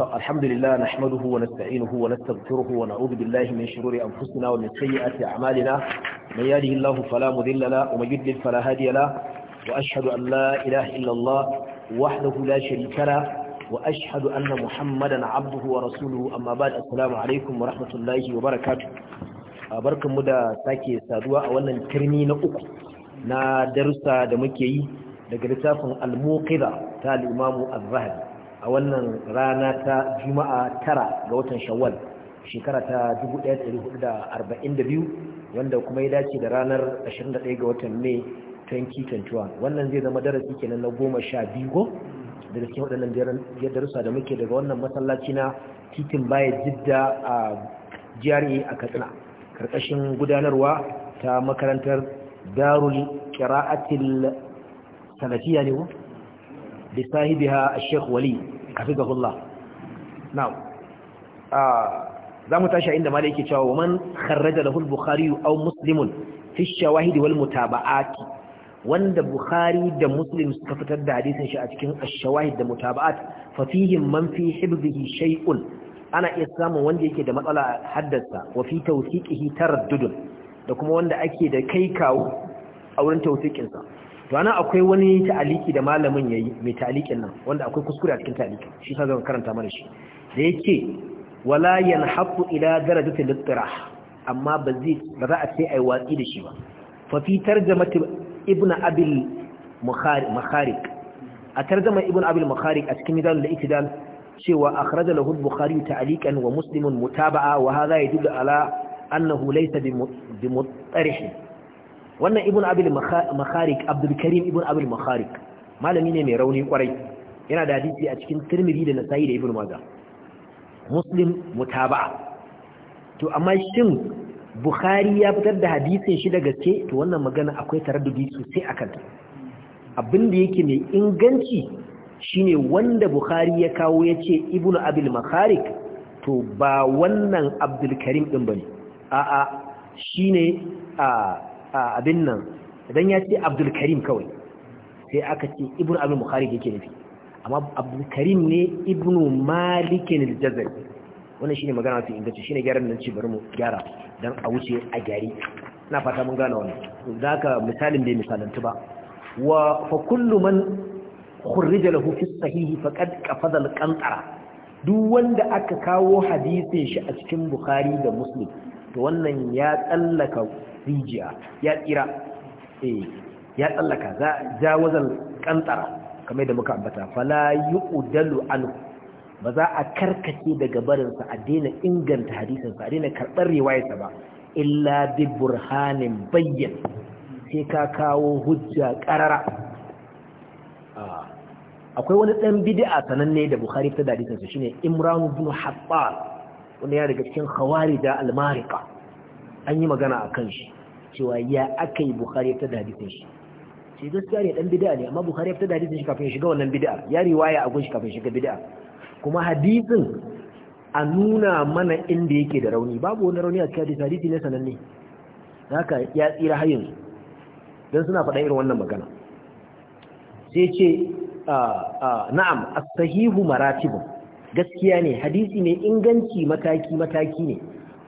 الحمد لله نحمده ونستعينه ونستغفره ونعوذ بالله من شرور أنفسنا ومن سيئات أعمالنا من يهده الله فلا مذل له ومن يضلل فلا هادي له وأشهد أن لا إله إلا الله وحده لا شريك له وأشهد أن محمدا عبده ورسوله أما بعد السلام عليكم ورحمة الله وبركاته barkan mu da sake saduwa a wannan kirni na uku na darussa da muke yi daga littafin al-muqida ta al-imamu az-zahabi a wannan rana ta juma'a tara ga watan shawwal shekara ta 1442 wanda kuma ya dace da ranar 21 ga watan mai 2021 wannan zai zama darasi kenan na goma sha biyu daga cikin waɗannan darussa da muke daga wannan masallaci na titin baya jidda a jari a katsina karkashin gudanarwa ta makarantar darul kira'atil sanatiya ne da sahibiha Sheikh Wali hafizahullah now za mu tashi inda malai yake cewa waman kharraja lahu al-bukhari aw muslimun fi ash-shawahid wal mutaba'at wanda bukhari da muslim suka fitar da hadisin shi a cikin ash-shawahid da mutaba'at fa fihi man fi hibzihi shay'un ana iya samun wanda yake da matsala a haddasa wa fi tawthiqihi taraddud da kuma wanda ake da kai kawu a wurin tawthiqin to akwai wani ta'aliki da malamin yi mai ta'alikin nan wanda akwai kuskure a cikin ta'aliki shi sa zan karanta mana shi da ke, wala yanhafu ila darajatil ittirah amma ba zai za a sai yi watsi da shi ba Fafi fi ibn abil makharik a tarjama ibn abil makharik a cikin midan al-itidal cewa akhraja lahu al-bukhari ta'alikan wa muslimun mutaba'a wa ya yadullu ala annahu laisa bi wannan ibn abil makharik abdul karim ibn abil makharik malami ne mai rauni kwarai yana da hadisi a cikin tirmidhi da nasa'i da ibn majah muslim mutaba'a to amma shin bukhari ya fitar da hadisin shi da gaske to wannan magana akwai taraddudi sosai akan ta abin da yake mai inganci shine wanda bukhari ya kawo yace ibn abil makharik to ba wannan abdul karim din bane a'a shine a abin nan idan ya ce abdul karim kawai sai aka ce ibn abin bukhari yake nufi amma abdul karim ne ibn malikin aljazari wannan shine magana mafi inganci shine gyaran nan ce bari mu gyara dan a wuce a gyari Ina fata mun gane wannan da ka misalin bai misalantu ba wa fa kullu man khurrija lahu fi sahihi faqad qafada al-qantara duk wanda aka kawo hadisin shi a cikin bukhari da muslim to wannan ya tsallaka rijiya ya tsira eh, ya tsallaka za jawazal kantara kamar da muka ambata fala yuqdalu anhu ba za a karkace daga barinsa a daina inganta hadisinsa a daina karɓar riwayarsa ba illa bi burhanin bayyan sai ka kawo hujja ƙarara ah, akwai wani ɗan bid'a sananne da bukhari ta da hadisinsa shine imran ibn hattab wanda ya daga cikin khawarij al almarika an yi magana a kan shi cewa ya aka yi bukhari ya fitar da hadisun shi sai gaskiya ne dan bid'a ne amma bukhari ya fitar da hadisun shi kafin shiga wannan bid'a ya riwaya a gunshi kafin shiga bid'a kuma hadisun a nuna mana inda yake da rauni babu wani rauni a cikin hadisi hadisi ne sananne haka ya tsira har yanzu dan suna faɗa irin wannan magana sai ce na'am as-sahihu maratibun gaskiya ne hadisi mai inganci mataki mataki ne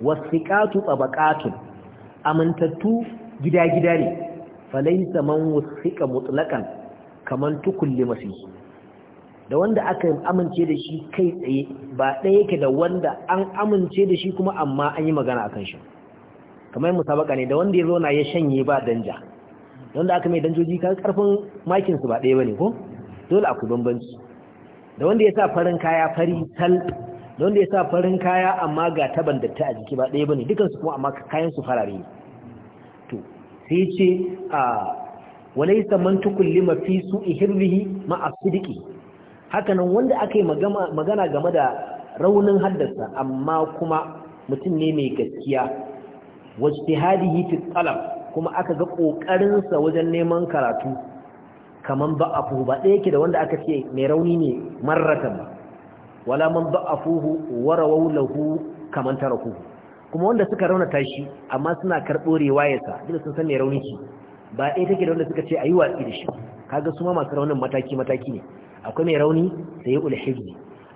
wasiqatu tabaqatun amintattu gida-gida ne falaisa man wasiqa mutlaqan kaman tukulli masihi da wanda aka amince da shi kai tsaye ba ɗaya yake da wanda an amince da shi kuma amma an yi magana a kan shi kamar yin musabaka ne da wanda ya zauna ya shanye ba danja wanda aka mai danjoji kan karfin makinsu ba ɗaya ba ne ko dole akwai bambanci da wanda ya sa farin kaya fari tal don da ya sa farin kaya amma ga taban datta a jiki ba ɗaya ba ne dukansu kuma amma kayan su farare to sai ce a wani saman tukulli mafi su ihirrihi duki hakanan wanda aka yi magana game da raunin haddasa amma kuma mutum ne mai gaskiya wajtihadihi fi talab kuma aka ga ƙoƙarinsa wajen neman karatu kamar ba afu ba ɗaya yake da wanda aka ce mai rauni ne marratan ba wala man da'afuhu wa rawaw lahu kaman tarakuhu kuma wanda suka raunata tashi amma suna karɓo riwayarsa duk sun san me rauni shi ba ɗaya take da wanda suka ce ayi watsi da shi kaga su ma masu raunin mataki mataki ne akwai mai rauni sai ul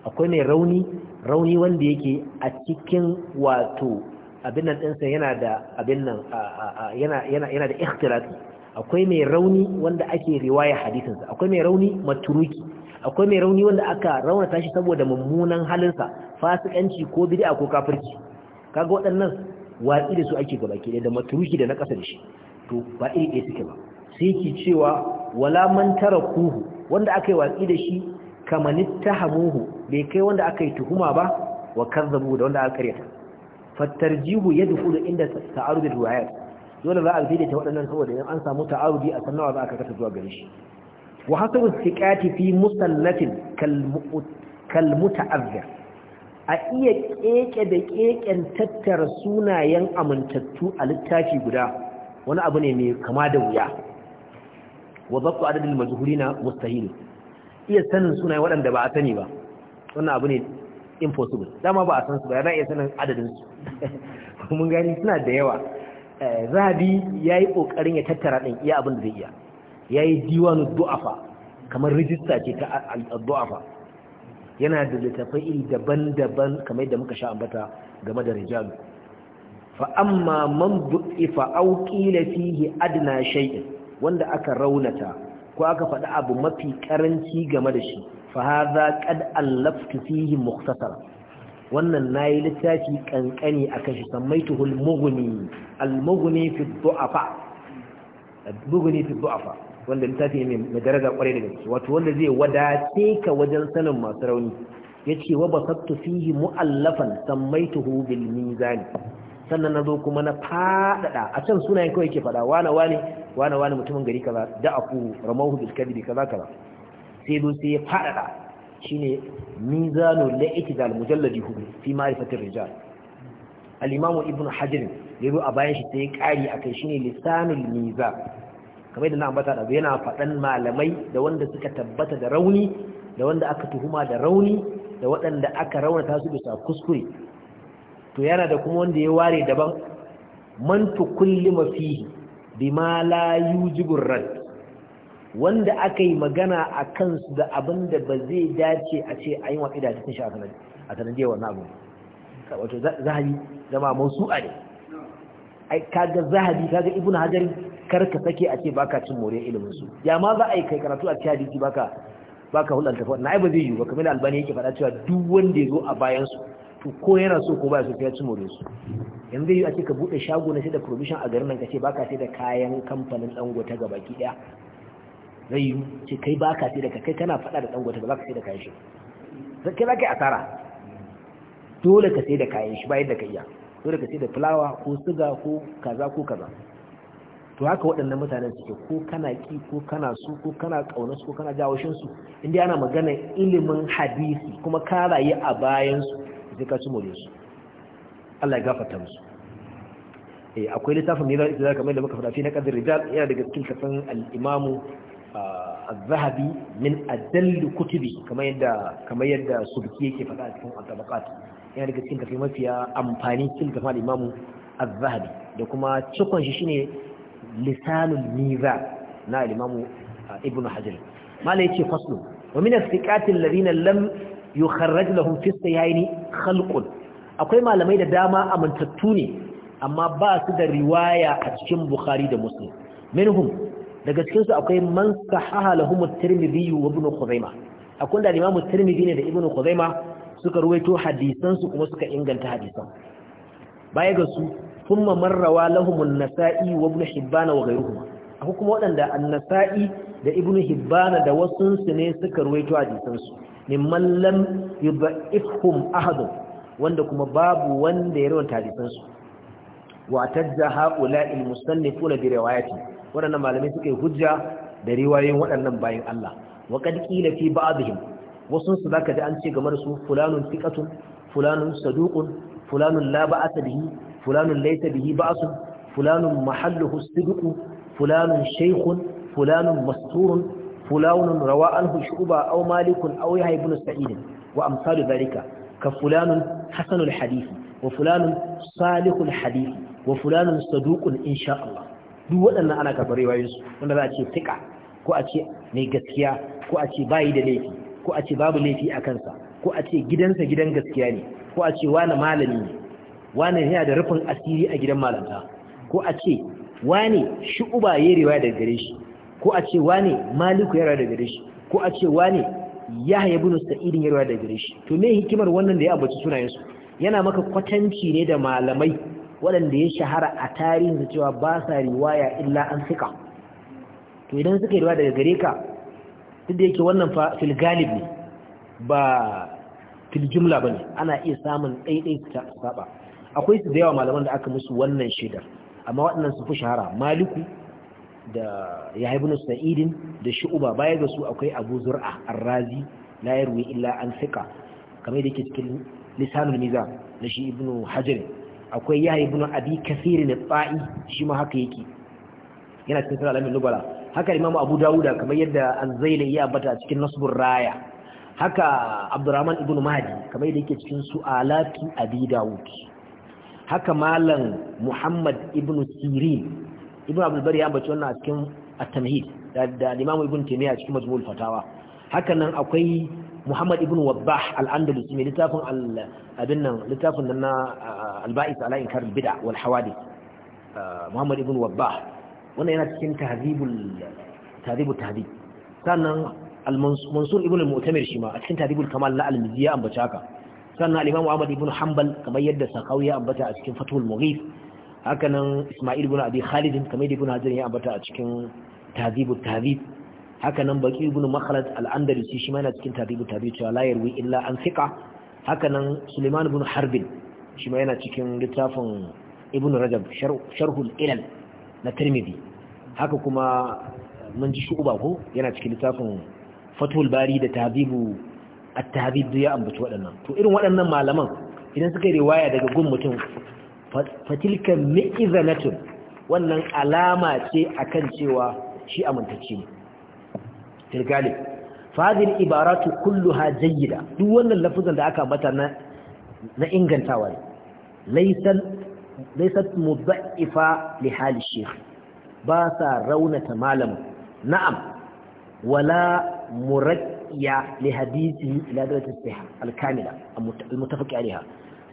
akwai mai rauni rauni wanda yake a cikin wato abin nan ɗinsa yana da abin nan yana da ikhtilafi akwai mai rauni wanda ake riwaya sa akwai mai rauni maturuki akwai mai rauni wanda aka raunata shi saboda mummunan halinsa fasikanci ko bid'a ko kafirci kaga waɗannan watsi da su ake gaba ke da maturuki da na ƙasa da shi to ba iri ɗaya suke ba sai ki cewa wala man tara kuhu wanda aka yi watsi da shi ta tahamuhu bai kai wanda aka yi tuhuma ba wa kazzabu da wanda aka karyata fattarjihu yadkhulu inda ta'arud riwayat dole za a ta waɗannan saboda idan an samu ta'arudi a sannawa za a kasa zuwa gare shi wa hasabu thiqati fi musallatin kal muta'azzir a iya keke da keken tattara sunayen amintattu a littafi guda wani abu ne mai kama da wuya wa zabtu adadil majhulina mustahil iya sanin sunayen waɗanda ba a sani ba wannan abu ne impossible dama ba a san su ba yana iya sanin adadinsu. mun gani suna da yawa zabi yi ƙoƙarin ya tattara ɗin iya abin da zai iya ya yi diwanu du'afa kamar rijista ce ta du'afa yana da littafai daban-daban kamar yadda muka sha ambata game da rijalu fa amma man du'ifa aw qila fihi adna shay'in wanda aka raunata ko aka faɗi abu mafi karanci game da shi fa hadha qad allaftu fihi mukhtasara wannan nayi littafi kankani akan shi sammaituhu mughni al-mughni fi du'afa al-mughni fi du'afa wanda littafi ne mai daraja kwarai da gaske wato wanda zai wadace ka wajen sanin masu rauni yace wa basattu fihi mu'allafan sammaituhu bil mizan sannan nazo kuma na fadada a can sunayen kawai yake fada wana wani wana wani mutumin gari kaza da afu ramahu bil kabiri kaza kaza sai do sai ya fadada shine mizanu la'itidal mujalladi hudu fi ma'rifatir rijal al-imam ibn hajar yazo a bayan shi sai ya kari akai shine lisanul mizan kamar da na ambata da yana faɗan malamai da wanda suka tabbata da rauni da wanda aka tuhuma da rauni da waɗanda aka raunata su bisa kuskure to yana da kuma wanda ya ware daban man tukulli mafihi bima la yujibur rad wanda aka yi magana a kansu da abin da ba zai dace a ce a yi wa da cikin shi a sanadiyar wannan abu wato zahabi zama masu a ne kaga zahabi kaga ibn hajar kar ka sake a ce baka cin more ilimin su ya ma za a yi kai karatu a cikin hadisi baka baka hulanta fa na ai ba zai yi ba kamar albani yake faɗa cewa duk wanda ya zo a bayan su to ko yana so ko ba so ya cin more su yanzu yi a ce ka bude shago na shi da provision a garin nan ka ce baka sai da kayan kamfanin dangote ga baki ɗaya zai yi ce kai baka sai da kai kana faɗa da dangote ba za ka sai da kayan shi kai za asara dole ka sai da kayan shi bayan da ka iya dole ka sai da fulawa ko suga ko kaza ko kaza to haka waɗannan mutanen suke ko kana ki ko kana su ko kana ƙauna ko kana jawashin su inda ana magana ilimin hadisi kuma kara yi a bayan su sai ka ci more su Allah ya gafarta musu eh akwai littafin mira idan mai da muka fada fi na qadr rijal yana daga cikin kafin al-imam ah, az-zahabi min adall kutubi kamar yadda kamar yadda subki yake faɗa a cikin al-tabaqat yana daga cikin kafin mafiya amfani cikin kafin al-imam az-zahabi da kuma cikon shi shine lisanul mizan na al-imam uh, ibn hajar mala yace faslu wa min as-siqati alladhina lam yukharraj lahum fi akwai malamai da dama amintattu ne amma ba su da riwaya a cikin bukhari da muslim minhum daga cikin su akwai man sahaha lahum at-tirmidhi wa ibn khuzaimah akwai da imam tirmidhi ne da ibn khuzaimah suka ruwaito hadisan su kuma suka inganta hadisan baya ga su thumma marrawa lahum an-nasa'i wa ibn hibban wa ghayruhum akwai kuma waɗanda an-nasa'i da ibn hibban da wasu su ne suka ruwaito hadisan su mimman lam yudha'ifhum ahad wanda kuma babu wanda ya rawaita hadisan su wa tajja ha'ula'i al-musannifuna bi riwayati waɗannan malamai suka yi hujja da riwayoyin waɗannan bayin Allah wa qad qila fi ba'dihim wasu su zaka ji an ce game da su fulanun thiqatun fulanun saduqun fulanun la ba'ata bihi fulanun laita bihi fulanun mahalluhu sidqu fulanun shaykhun fulanun masturun fulanun rawa anhu shuba aw malikun aw yahya ibn sa'id wa amsalu dhalika ka fulanun hasanul Hadifi. wa fulanun salihul hadith wa fulanun saduqun insha duk waɗannan ana karɓar riwayoyinsu wanda za ce tika ko a ce mai gaskiya ko a ce bayi da laifi ko ce babu laifi a kansa ko a ce gidansa gidan gaskiya ne ko a ce wani malami ne wane yana da rufin asiri a gidan malanta ko a ce wane shu'uba ya riwaya daga gare shi ko a ce wane maliku ya riwaya daga gare shi ko a ce wane yahya ibn sa'idin ya riwaya daga gare shi to me hikimar wannan da ya abuci sunayen su yana maka kwatanci ne da malamai waɗanda ya shahara a tarihin cewa ba sa riwaya illa an sika to idan suka yi riwaya daga gare ka duk da yake wannan fa fil galib ne ba fil jumla bane ana iya samun ɗaiɗai ta saba akwai su da yawa malaman da aka musu wannan shaidar amma waɗannan su fi shahara maliku da ya haibu sa'idin da shu'uba baya ga su akwai abu zur'a arrazi la yarwi illa an fiqa kamar da yake cikin lisanul miza na shi ibnu hajar akwai ya haibu abi kasir na ba'i shi ma haka yake yana cikin sura al haka imam abu dawuda kamar yadda an zaili ya bata cikin nasbur raya haka abdurrahman ibnu mahdi kamar da yake cikin su Alaki abi dawud haka malam muhammad ibn sirin ibn abdulbar ya ambaci wannan a cikin at-tamhid da imamu ibn taymiya a cikin majmu'ul fatawa haka nan akwai muhammad ibn wabbah al-andalusi mai littafin abin nan littafin nan na al-ba'is ala inkar bid'a wal hawadith muhammad ibn wabbah wannan yana cikin tahdhibul tahdhibul tahdhib sannan al-mansur ibn al-mu'tamir shi ma a cikin tahdhibul kamal la al-mizya ambaci haka sannan al-Imam Ahmad ibn Hanbal kamar yadda Sakawi ya ambata a cikin Fathul Mughith hakanan Isma'il ibn Abi Khalid kamar yadda Ibn Hajar ya ambata a cikin Tahdhibut hakanan Baqi ibn Makhlad al-Andalusi shi ma yana cikin Tahdhibut Tahdhib cewa la yarwi illa an thiqa hakanan Sulaiman ibn Harb shi ma yana cikin littafin Ibn Rajab Sharhul Ilal na Tirmidhi haka kuma mun ji shu'uba ko yana cikin littafin Fathul Bari da Tahdhibu at-tahdhib ya ambaci waɗannan to irin waɗannan malaman idan suka yi riwaya daga gun mutum fatilka mi'izanatun wannan alama ce akan cewa shi amintacce ne tilgalib fadil ibaratu kulluha jayyida duk wannan lafuzan da aka mata na na ingantawa ne laysan laysat mudda'ifa li hali ba sa raunata malamin. na'am wala murak iya li hadisi ila dawati sahih al-kamila al-muttafaq alaiha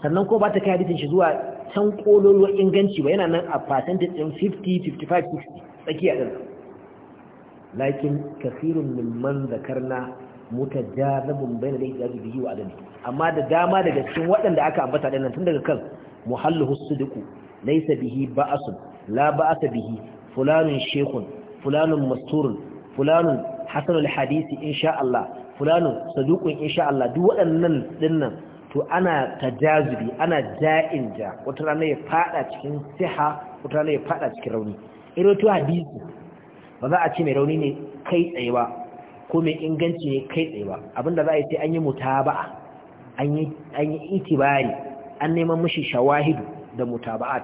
sannan ko ba ta kai hadisin shi zuwa can kololuwar inganci ba yana nan a percentage din 50 55 60 tsakiya din lakin kasirun mimman zakarna mutajazabun bayna da ijazu bihi wa adami amma da dama daga cikin waɗanda aka ambata dinnan tun daga kan muhalluhu suduku laysa bihi ba'asun la ba'asa bihi fulanun shaykhun fulanun masturun fulanun hasanul hadisi insha Allah fulano saduqun insha Allah duk waɗannan dinnan to ana tajazubi ana ja'in da wata ya fada cikin siha wata ne ya fada cikin rauni to hadisi ba za a ce mai rauni ne kai tsaye ba ko mai inganci ne kai tsaye ba abinda za a yi sai an yi mutaba'a an yi an yi itibari an neman mishi shawahidu da mutaba'at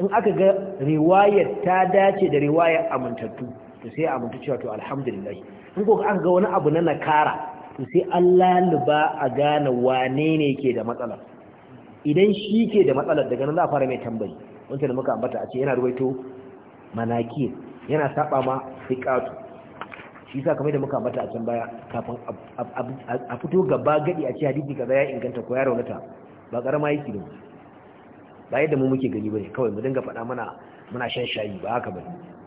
in aka ga riwayar ta dace da riwayar amintattu to sai amintu cewa to alhamdulillah in ko an ga wani abu na nakara to sai an laluba a gane wane ne ke da matsala. idan shi ke da matsalar daga nan za a fara mai tambayi wanda da muka ambata a ce yana ruwaito manaki yana saba ma fiqatu shi sa kamar da muka ambata a can baya kafin a fito gaba gadi a ce hadisi kaza ya inganta ko ya raunata ba karama yake da ba yadda mu muke gani bane kawai mu dinga faɗa mana muna shan shayi ba haka bane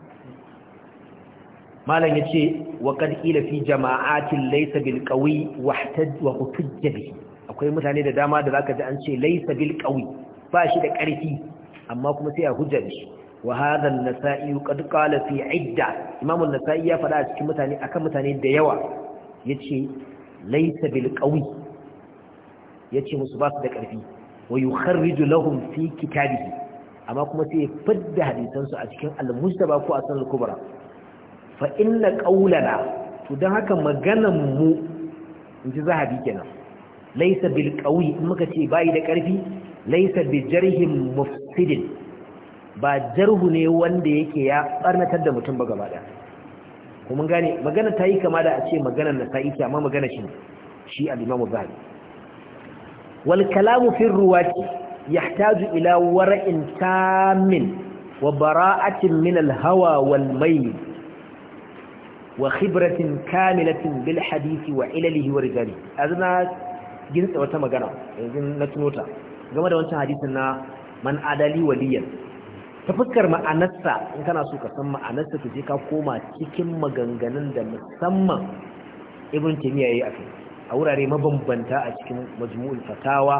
malam yace wa qad fi jama'atin laysa bil qawi wa hutujja bihi akwai mutane da dama da zaka ji an ce Laisa bil ba shi da ƙarfi amma kuma sai a hujja shi wa hadha nasai qad qala fi idda nasai ya faɗa a cikin mutane akan mutane da yawa yace Laisa bil qawi yace musu ba su da ƙarfi wa yukharriju lahum fi kitabihi amma kuma sai ya fadda hadisansu a cikin al-mujtaba ko a sanar kubra fa inna qaulana to dan haka maganan mu inji zahabi kenan laysa bil qawi in muka ce bai da karfi laysa bi jarhin mufsidin ba jarhu ne wanda yake ya barnatar da mutum ba gaba daya kuma gane magana ta yi kama da a ce maganar na sa'i amma magana shi shi al-imamu zahabi wal kalamu fi ruwati yahtaju ila wara'in tamin wa bara'atin min al-hawa wal mayl wa khibratin kamilatin bil hadisi wa ilalihi wa rijali yanzu na wata magana yanzu na tunota game da wancan hadisin na man adali waliyan ta fuskar ma'anarsa in kana so ka san ma'anarsa ta je ka koma cikin maganganun da musamman ibn taymiya yayi akai a wurare mabambanta a cikin majmu'ul fatawa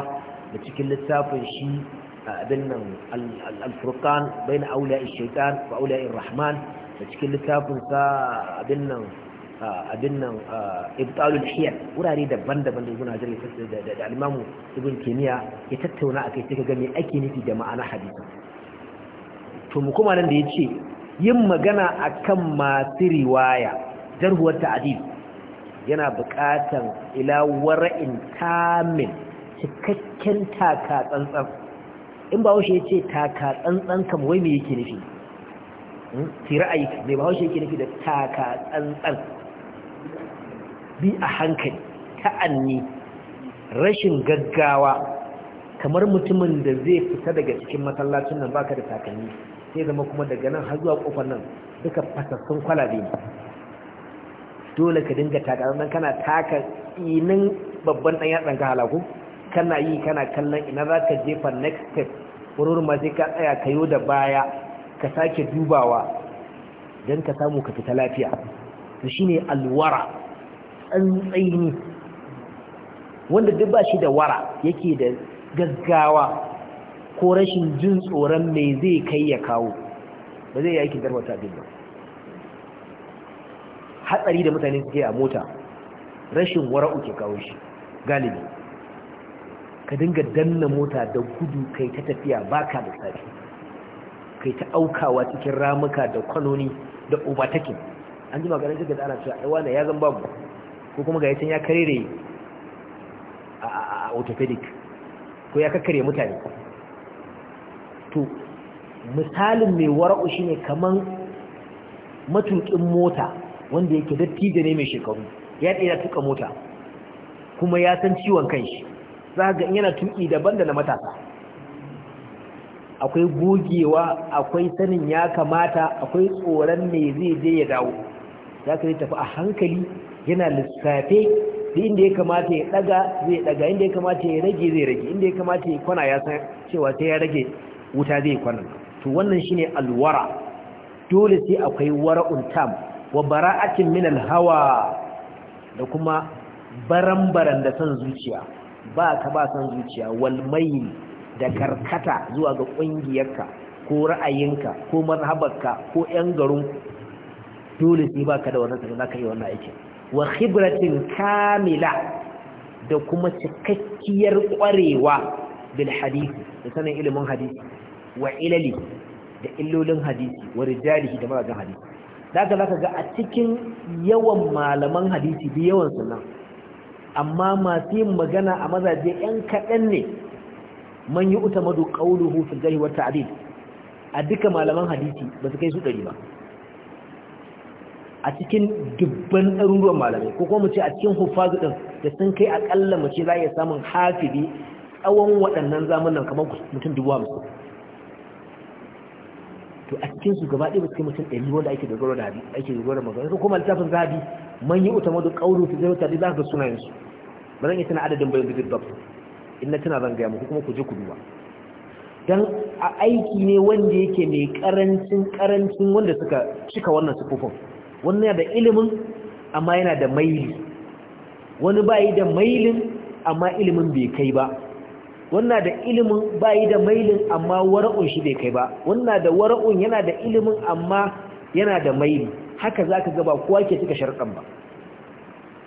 da cikin littafin shi abin nan al-furqan bayna Aula'in shaytan wa rahman A cikin littafin sa abin nan abin nan ibtalul hiyar wurare daban-daban da guna hajar da da al-imamu ibn taymiya ya tattauna akai sai ga me ake nufi da ma'ana hadisi to mu kuma nan da yace yin magana akan masu riwaya jarhuwar ta'dil yana buƙatan ila wara'in kamil cikakken taka tsantsan in ba ya yace taka tsantsan kam wai me yake nufi fi hmm? ra'ayi mai bahaushe yake nufi da taka tsantsan bi a hankali ta'anni rashin gaggawa kamar mutumin da zai fita daga cikin masallacin nan baka da takalmi sai zama kuma daga nan har zuwa kofar nan duka fasassun kwalabe ne dole ka dinga taka nan kana taka tsinin babban dan yatsan ka halaku kana yi kana kallon ina za ka jefa next step wurin ma tsaya ka tsaya kayo da baya ka sake dubawa don ka samu ka fita lafiya to ne alwara tsantsaini wanda duk ba shi da wara yake da gaggawa ko rashin jin tsoron mai zai kai ya kawo ba zai yaki darwata abin ba hatsari da mutane suke a mota rashin wara'u ke kawo shi galibi ka dinga danna mota da gudu kai ta tafiya baka da safi Kai ta aukawa cikin ramuka da kwanoni da ubatakin an ji maganin suka tsara cewa ai wani ya zan babu ko kuma ga yacin ya karere a autopedic ko ya kakkare mutane to misalin mai wara'u shine kaman matuƙin mota wanda yake da ne mai shekaru ya tsira tuka mota kuma ya san ciwon shi za ga yana tuki daban da na matasa akwai gogewa akwai sanin ya kamata akwai tsoron me zai je ya dawo za ka tafi a hankali yana lissafe da inda ya kamata ya daga zai daga inda ya kamata ya rage zai rage inda ya kamata ya kwana ya san cewa sai ya rage wuta zai kwana to wannan shine alwara dole sai akwai wara'un tam wa bara'atin min alhawa da kuma barambaran da san zuciya ba ka ba san zuciya wal mayl da karkata zuwa ga ƙungiyarka ko ra'ayinka ko mazhabarka ko 'yan garin dole sai baka da wannan sanin zaka yi wannan aikin wa khibratin kamila da kuma cikakkiyar ƙwarewa bil hadisi da sanin ilimin hadisi wa ilali da illolin hadisi wa rijalihi da mazajen hadisi daga zaka ga a cikin yawan malaman hadisi bi yawan sunan amma masu yin magana a mazaje 'yan kaɗan ne man yi utamadu qawluhu fil jarh wa ta'dil a duka malaman hadisi ba su kai su ɗari ba a cikin dubban ɗaruruwan malamai ko kuma mu ce a cikin hufazu ɗin da sun kai aƙalla mu ce za iya samun hafibi tsawon waɗannan zamanin kamar mutum dubu hamsin to a cikin su gaba ɗaya ba su kai mutum ɗari wanda ake dogaro da hadi ake dogaro da magana ko kuma littafin zahabi man yi utamadu qawlu fi zawta da zaka sunayen su ba zan yi tana adadin bayan bidin babu in na tana zan gaya muku kuma ku je ku duba don a aiki ne wanda yake mai karancin karancin wanda suka cika wannan sufufin wannan yana da ilimin amma yana da maili wani bayi da mailin amma ilimin bai kai ba wannan da ilimin bayi da mailin amma wara'un shi bai kai ba wannan da wara'un yana da ilimin amma yana da maili haka za ka gaba kowa ke cika sharɗan ba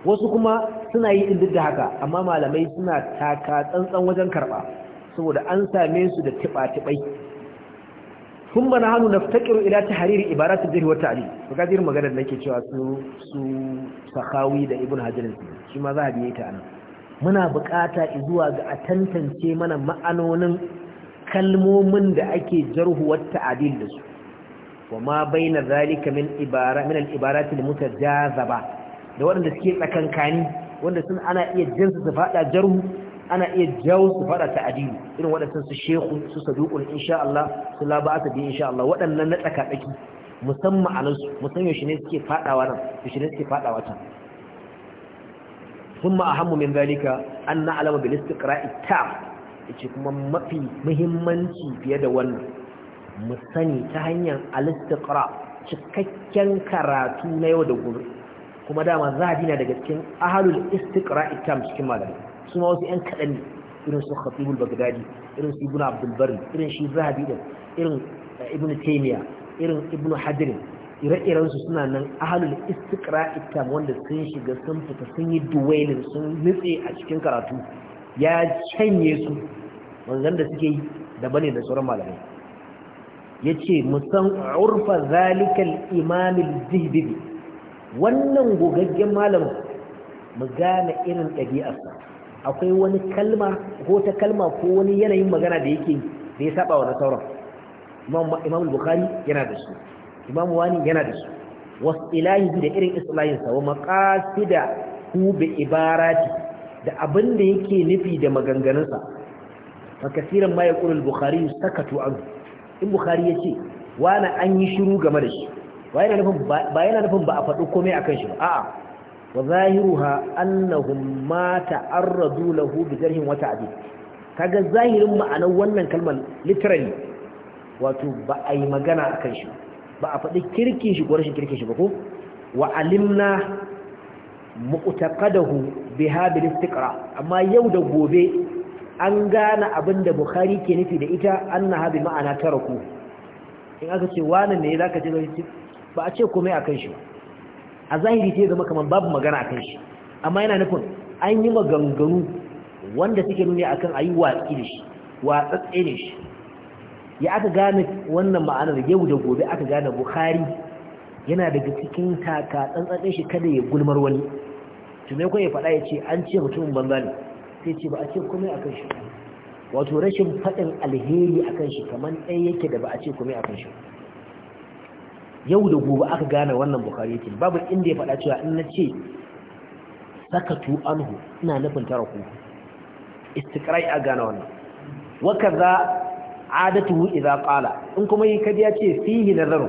wasu kuma suna yi duk da haka amma malamai suna taka tsantsan wajen karɓa saboda an same su da tiba Tun sun bana hannu na fitakiru ila ta hariri ibaratu jiri wata ali ga jirin maganar da ke cewa su su sahawi da ibn hajjirin su shi ma za a biye ta anan muna buƙata zuwa ga a tantance mana ma'anonin kalmomin da ake jarhu wata adil da su wa ma bai na zalika min al-ibarati al-mutajazaba da waɗanda suke tsakankani wanda sun ana iya jinsu su faɗa jarhu ana iya jawo su faɗa ta adilu irin waɗansu su shehu su saduƙun insha Allah su laba'ata bi insha Allah waɗannan na tsaka tsaki musamman alansu musamman yaushe ne suke faɗawa nan yaushe ne suke faɗawa ta? can ثم أهم من ذلك أن نعلم بالاستقراء ita ce kuma mafi muhimmanci fiye da wannan mu sani ta hanyar al cikakken karatu na yau da gobe kuma dama a na daga cikin ahalul istiqra cikin malami su ma wasu yan kaɗan irin su khatibul bagdadi irin su ibnu abdul bari irin shi zahabi din irin eh, ibnu taymiya irin ibnu hadir ire-iren su suna nan ahalul istiqra ikam wanda sun shiga sun fita sun yi duwailin sun nutse a cikin karatu ya canye su wanzan da suke yi daban ne da sauran malamai ya ce musan urfa zalikal imamil zihbibi wannan gogaggen malam mu gane irin ɗabi'arsa akwai wani kalma ko ta kalma ko wani yanayin magana da yake da ya saba wa na sauran imam bukhari yana da su imam wani yana da su wasu ilahi da irin islayinsa wa maƙasi da bi ibarati da abin da yake nufi da maganganunsa fa kasiran ma yaqulu al-bukhari sakatu an in bukhari ce, wani an yi shiru game da shi ba yana nufin ba a faɗi komai a kan shi ba a'a wa zahiruha annahum ma ta'arradu lahu bi jarhin wa ta'dil kaga zahirin ma'anar wannan kalmar literally wato ba a yi magana kan shi ba a faɗi kirkin shi ko rashin kirkin shi ba ko wa alimna mu'taqadahu biha bil istiqra amma yau da gobe an gane abinda bukhari ke nufi da ita annaha bi ma'ana taraku in aka ce wani ne zaka ji ba a ce kome a kan shi a zahiri ce zama kamar babu magana a kan shi amma yana nufin an yi maganganu wanda suke nuni a kan a yi watsi da shi watsatse da shi ya aka gane wannan ma'anar yau da gobe aka gane bukhari yana daga cikin taka tsantsan shi kada ya gulmar wani tume ko ya faɗa ya ce an ce mutumin banza ne sai ce ba a ce a akan shi wato rashin faɗin alheri a kan shi kamar ɗaya yake da ba a ce a akan shi yau da gobe aka gane wannan bukari yake babu inda ya faɗa cewa in na ce tu anhu ina nufin tara ku istiqra'i a gane wannan waka za adatuhu idza qala in kuma yi kadi ya ce fihi nazaru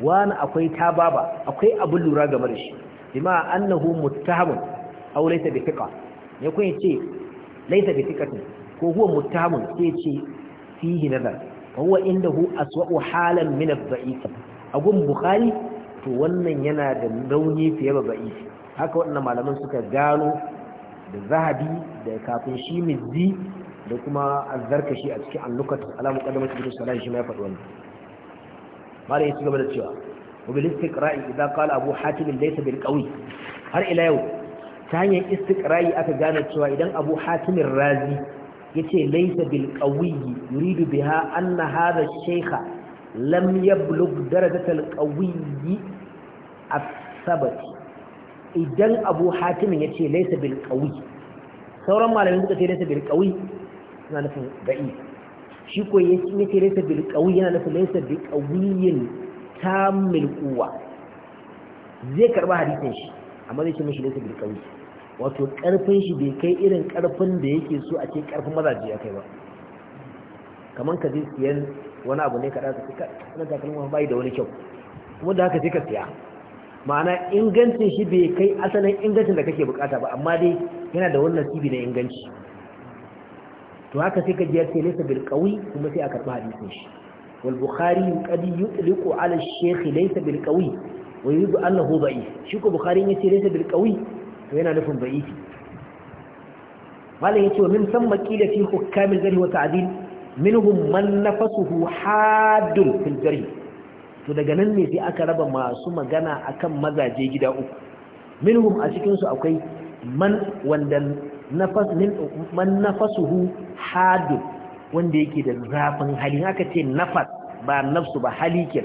wani akwai tababa akwai abun lura game da shi bima annahu muttahamun aw laysa bi thiqa ya kun ce laysa bi thiqatin ko huwa muttahamun sai ce fihi nazar huwa indahu aswa'u halan min ad-da'if a gun to wannan yana da launi fiye da ba'ifi haka waɗannan malaman suka gano da zahabi da kafin shi mizzi da kuma shi a ciki cikin annukat alamu kadamar cikin salah shi ma ya faɗi wannan mala ya ci gaba da cewa wabil istiqra'i idan qala abu hatim laysa bil qawi har ila yau ta hanyar istiqra'i aka gane cewa idan abu hatim razi yace laisa bil qawi yuridu biha anna hadha shaykha lam yablug darajatal qawiyyi as-sabati idan abu hatimin yace ce laisa bil qawi sauran malamin suka ce laisa bil qawi suna nufin da'i shi ko yace ce laisa bil qawi yana nufin laisa bi qawiyin tamil quwa zai karba hadisin shi amma zai ce mishi laisa bil qawi wato karfin shi bai kai irin karfin da yake so a ce karfin mazaje ya kai ba kaman ka je siyan wani abu ne ka ɗaga suka wani takalma bai da wani kyau kuma da haka sai ka siya ma'ana ingancin shi bai kai asalin ingancin da kake bukata ba amma dai yana da wannan sibi na inganci to haka sai ka jiyar sai nesa bil qawi kuma sai a fi hadisin shi wal bukhari Kadi, yutliqu ala shekhi laysa bil qawi wa yuridu annahu da'if shi ko bukhari ce laysa bil qawi to yana nufin da'ifi malam yace wa min samma qila fi hukam al wa ta'dil minhum man nafasuhu haddun fil jarih to daga nan ne sai aka raba masu magana akan mazaje gida uku minhum a cikin su akwai man wanda nafas min man nafasuhu haddun wanda yake da zafin hali haka ce nafas ba nafsu ba hali ke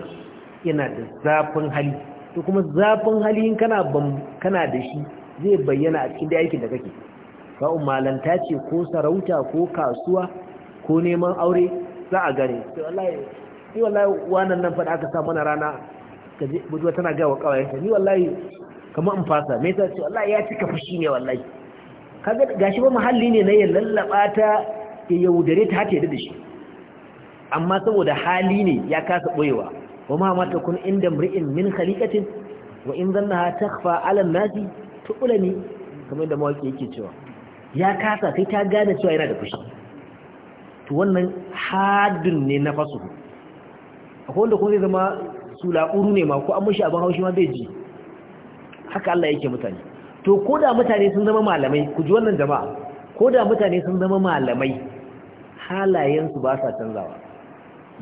yana da zafin hali to kuma zafin hali kana kana da shi zai bayyana a cikin da yake da kake sa'un malanta ce ko sarauta ko kasuwa ko neman aure za a gane ni wallahi wannan nan fada aka sa mana rana kaje bujuwa tana ga wa kawai ni wallahi kamar in fasa me yasa ce wallahi ya cika fushi ne wallahi kaga gashi ba muhalli ne na ya lallaba ta ya yaudare ta hake da shi amma saboda hali ne ya kasa boyewa wa ma mata kun inda mri'in min khaliqatin wa in zannaha takhfa 'ala an-nasi tu'lani kamar da mawaki yake cewa ya kasa sai ta gane cewa yana da fushi to wannan hadin ne na fasu akwai wanda kuma zai zama la'uru ne ma ko an mashi abin haushi ma zai ji haka Allah yake mutane to ko da mutane sun zama malamai ku ji wannan jama'a ko da mutane sun zama malamai halayensu ba sa canzawa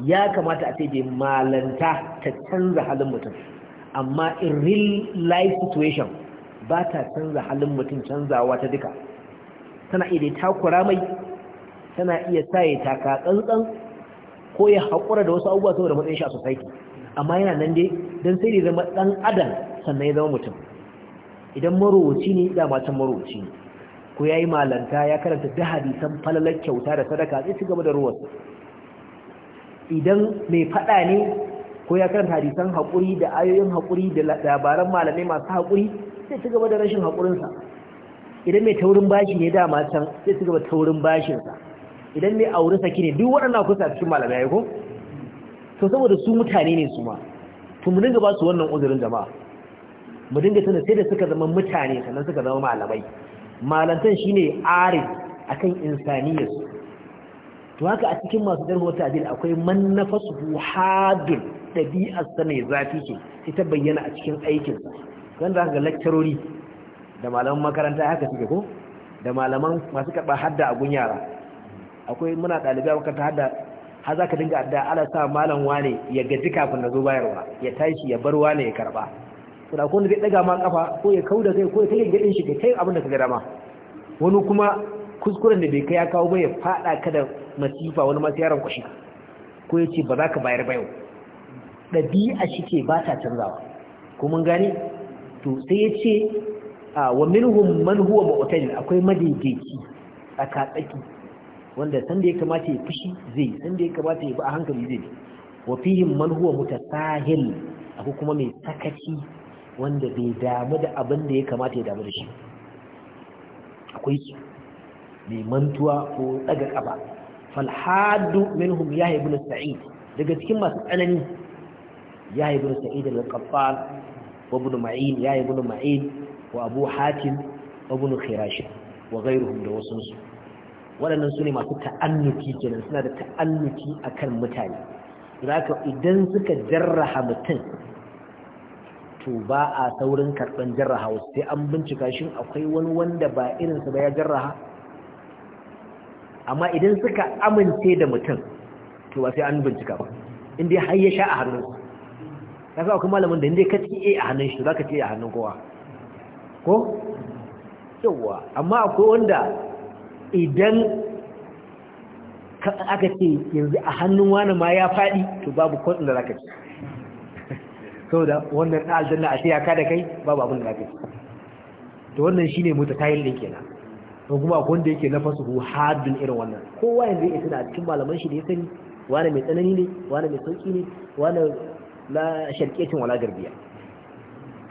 ya kamata a ce malanta ta canza halin mutum amma in real life situation ba ta canza halin mutum canzawa ta duka tana iya takura mai tana iya sa ya taka tsantsan ko ya haƙura da wasu abubuwa saboda matsayin shi a amma yana nan dai don sai da zama ɗan adam sannan ya zama mutum idan marowaci ne ya mace marowaci ne ko ya yi malanta ya karanta da hadisan falalar kyauta da sadaka zai ci gaba da ruwan idan mai faɗa ne ko ya karanta hadisan haƙuri da ayoyin haƙuri da labaran malamai masu haƙuri zai ci gaba da rashin haƙurinsa idan mai taurin bashi ne dama can zai ci gaba taurin bashinsa idan mai auri saki ne duk waɗannan kusa cikin malamai ya ko to saboda su mutane ne su ma to mu dinga ba su wannan uzurin jama'a mu dinga tana sai da suka zama mutane sannan suka zama malamai malantan shine ari akan insaniyar su to haka a cikin masu jarhu wata adil akwai man nafasuhu hadun dabi'ar sa ne zafi ce sai ta bayyana a cikin aikin sa kan da ga da malaman makaranta haka suke ko da malaman masu karɓar hadda a gun yara akwai muna ɗalibai a makaranta hada har za ka dinga adda ala sa malam wane ya gaji kafin na zo bayarwa ya tashi ya bar wane ya karba to da kuma zai daga ma kafa ko ya kauda kai ko ya tage gadin shi kai abin da ka ga dama wani kuma kuskuren da bai kai ya kawo ba ya faɗa ka da masifa wani masu yaran kwashi ko ya ce ba za ka bayar ba yau ɗabi'a shi ke ba ta canzawa ko mun gane to sai ya ce wa minhum man huwa mu'tadil akwai madaidaici tsaka tsaki wanda sanda ya kamata ya fushi zai sanda ya kamata ya bi a hankali zai wa fihim man huwa mutasahil abu kuma mai sakaci wanda bai damu da abin da ya kamata ya damu da shi akwai shi mai mantuwa ko daga kaba falhadu minhum yahya ibn sa'id daga cikin masu tsanani yahya ibn sa'id al-qaffal wa ibn ma'in yahya ibn ma'in wa abu hatim wa ibn khirash wa ghayruhum da wasunsu waɗannan su ne masu ta'annuki jinin suna da ta'annuki kan mutane idan suka jarraha mutum to ba a saurin karɓar jarraha wasu sai an bincika shi akwai wani wanda ba irinsa ba ya jarraha amma idan suka amince da mutum to ba sai an bincika ba inda ya ya sha a hannunsa ya sa akwai malamin da inda ka ci a hannun shi za ka ce a hannun kowa ko yawwa amma akwai wanda idan aka ce yanzu a hannun wani ma ya faɗi to babu kwanɗin da za ka Sau da wannan aljanna a ya kada kai babu abin da za ka ce to wannan shi ne mutu tayin ɗin na. don kuma akwai wanda yake na fasuhu hadin irin wannan kowa yanzu ya a cikin malaman shi da ya sani wani mai tsanani ne wani mai sauki ne wani na sharƙetin wala garbiya